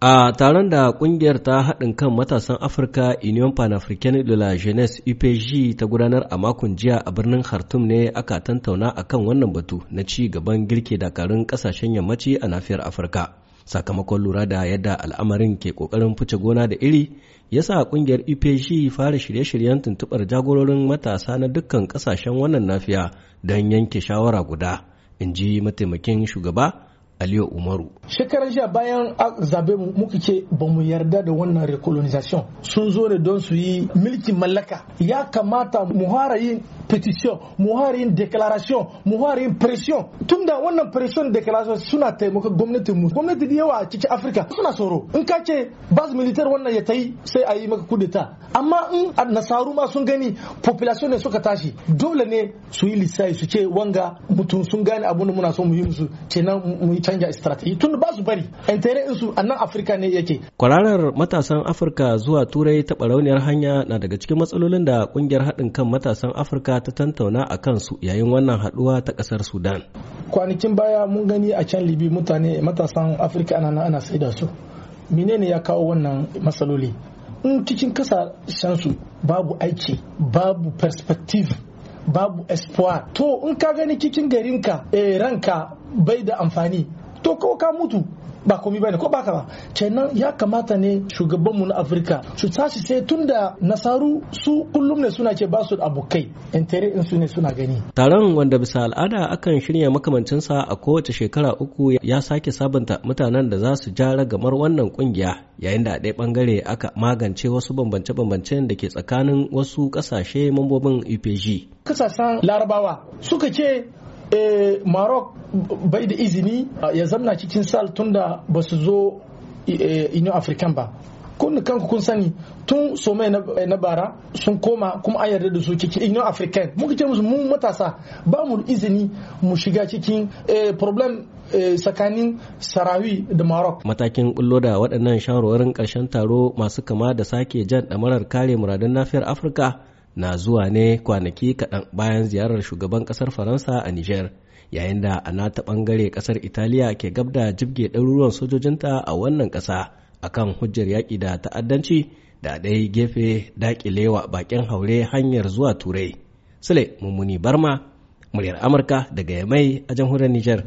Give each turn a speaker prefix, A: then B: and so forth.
A: A taron da kungiyar ta haɗin kan matasan Afirka Union Pan-African de la Jeunesse UPG ta gudanar a makon jiya a birnin Khartoum ne aka tantauna akan wannan batu na ci gaban girke dakarun ƙasashen yammaci a nafiyar Afirka. Sakamakon lura da yadda al'amarin ke ƙoƙarin fice gona da iri, ya sa kungiyar UPG fara shirye-shiryen tuntuɓar jagororin matasa na dukkan ƙasashen wannan nafiya don yanke shawara guda, in ji mataimakin shugaba Aliyu Umaru.
B: Shekaran jiya bayan zabe muka ce ba mu yarda da wannan recolonization sun zo da don su yi milkin mallaka ya kamata mu fara yin petition mu fara yin declaration mu fara yin pression tunda wannan pression declaration suna taimaka gwamnati mu gwamnati da yawa a cikin Afirka suna tsoro in ka ce bas military wannan ya tai sai a yi maka kudeta amma in nasaru ma sun gani population ne suka tashi dole ne su yi lissafi su ce wanga mutum sun gane abun da muna so mu yi musu kenan mu yi canja strategy tun ba su bari intere su a nan afirka ne yake
A: kwararar matasan afirka zuwa turai ta barauniyar hanya na daga cikin matsalolin da kungiyar haɗin kan matasan afirka ta tantauna a kansu yayin wannan haɗuwa ta ƙasar sudan
B: kwanakin baya mun gani a can libi mutane matasan afirka ana nan ana sai da su menene ya kawo wannan matsaloli in cikin kasashensu babu aiki babu perspective babu espoir to in ka gani cikin garinka eh ranka bai da amfani to ko ka mutu ba komi bane ko baka ba kenan ya kamata ne shugabanmu na afirka su tashi sai tunda nasaru su kullum ne suna ce ba su abokai intere in su suna gani
A: taron wanda bisa al'ada akan shirya makamancinsa a kowace shekara uku ya sake sabunta mutanen da za su jara gamar wannan kungiya yayin da a ɗaya bangare aka magance wasu bambance-bambancen da ke tsakanin wasu kasashe mambobin upg
B: kasashen larabawa suka ce eh, Maroc bai da izini ya zamna cikin sal tunda ba su zo inu e, african ba kun kanku kun sani tun somai na bara sun koma kuma an yarda da su cikin inu african muka ce musu mu matasa ba mu izini mu shiga cikin e, problem e, tsakanin sarawi da maroc
A: matakin bullo da waɗannan shawarwarin ƙarshen taro masu kama da sake jan ɗamarar kare muradun lafiyar afirka na zuwa ne kwanaki kaɗan bayan ziyarar shugaban ƙasar faransa a niger yayin da a nata bangare kasar italiya ke gab da jibge ɗaruruwan sojojinta a wannan ƙasa akan hujjar yaƙi da ta'addanci da ɗaya gefe daƙilewa bakin haure hanyar zuwa turai sule mummuni barma muryar amurka daga yamai a jamhuriyar nijar.